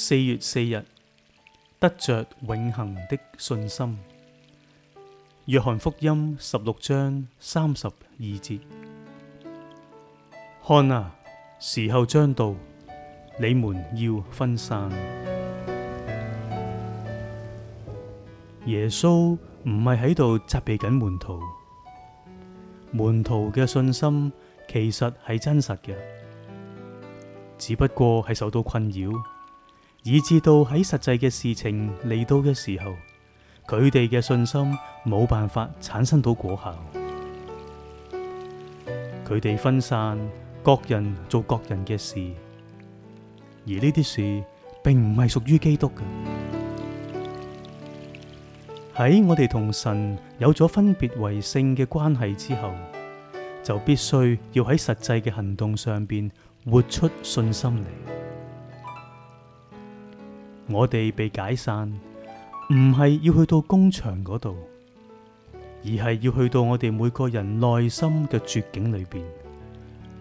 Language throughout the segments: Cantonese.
四月四日，得着永恆的信心。約翰福音十六章三十二節：看啊，時候將到，你們要分散。耶穌唔係喺度責備緊門徒，門徒嘅信心其實係真實嘅，只不過係受到困擾。以至到喺實際嘅事情嚟到嘅時候，佢哋嘅信心冇辦法產生到果效，佢哋分散，各人做各人嘅事，而呢啲事並唔係屬於基督嘅。喺我哋同神有咗分別為聖嘅關係之後，就必須要喺實際嘅行動上邊活出信心嚟。我哋被解散，唔係要去到工場嗰度，而係要去到我哋每個人內心嘅絕境裏邊，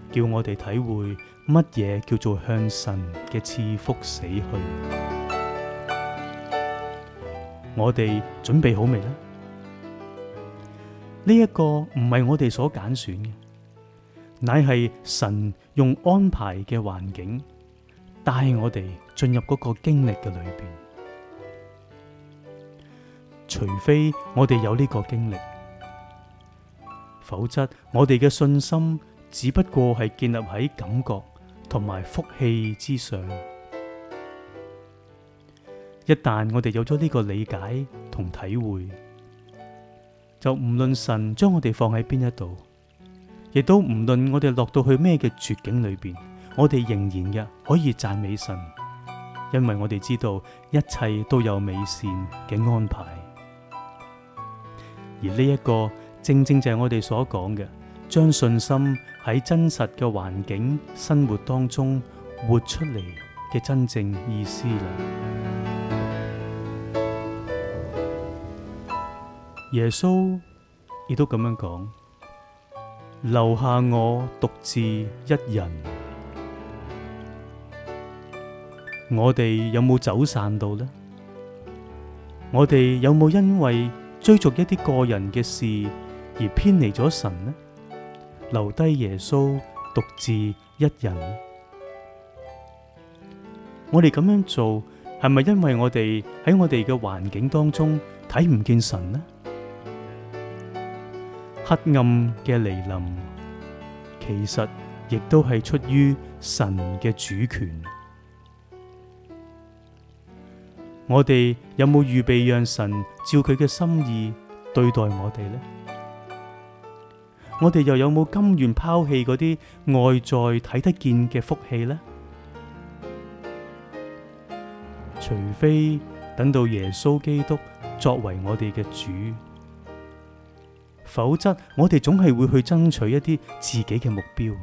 叫我哋體會乜嘢叫做向神嘅賜福死去。我哋準備好未呢？呢一個唔係我哋所揀選嘅，乃係神用安排嘅環境。帶我哋進入嗰個經歷嘅裏邊，除非我哋有呢個經歷，否則我哋嘅信心只不過係建立喺感覺同埋福氣之上。一旦我哋有咗呢個理解同體會，就唔論神將我哋放喺邊一度，亦都唔論我哋落到去咩嘅絕境裏邊。我哋仍然嘅可以贊美神，因為我哋知道一切都有美善嘅安排。而呢一個正正就係我哋所講嘅，將信心喺真實嘅環境生活當中活出嚟嘅真正意思啦。耶穌亦都咁樣講，留下我獨自一人。我哋有冇走散到呢？我哋有冇因為追逐一啲個人嘅事而偏離咗神呢？留低耶穌獨自一人。我哋咁樣做係咪因為我哋喺我哋嘅環境當中睇唔見神呢？黑暗嘅來臨，其實亦都係出於神嘅主權。我哋有冇預備讓神照佢嘅心意對待我哋呢？我哋又有冇甘願拋棄嗰啲外在睇得見嘅福氣呢？除非等到耶穌基督作為我哋嘅主，否則我哋總係會去爭取一啲自己嘅目標。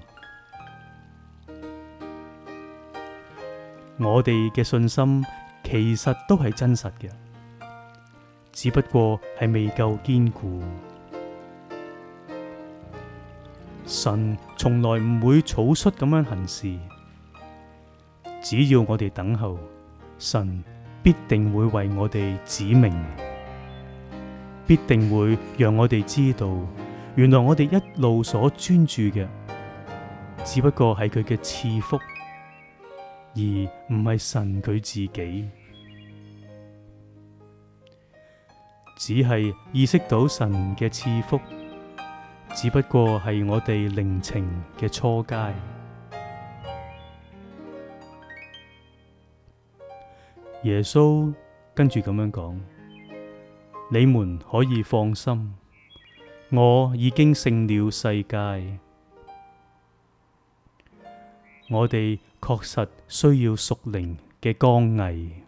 我哋嘅信心。其實都係真實嘅，只不過係未夠堅固。神從來唔會草率咁樣行事，只要我哋等候，神必定會為我哋指明，必定會讓我哋知道，原來我哋一路所專注嘅，只不過係佢嘅賜福。而唔係神佢自己，只係意識到神嘅賜福，只不過係我哋靈情嘅初階。耶穌跟住咁樣講：「你們可以放心，我已經勝了世界。」我哋確實需要熟練嘅光藝。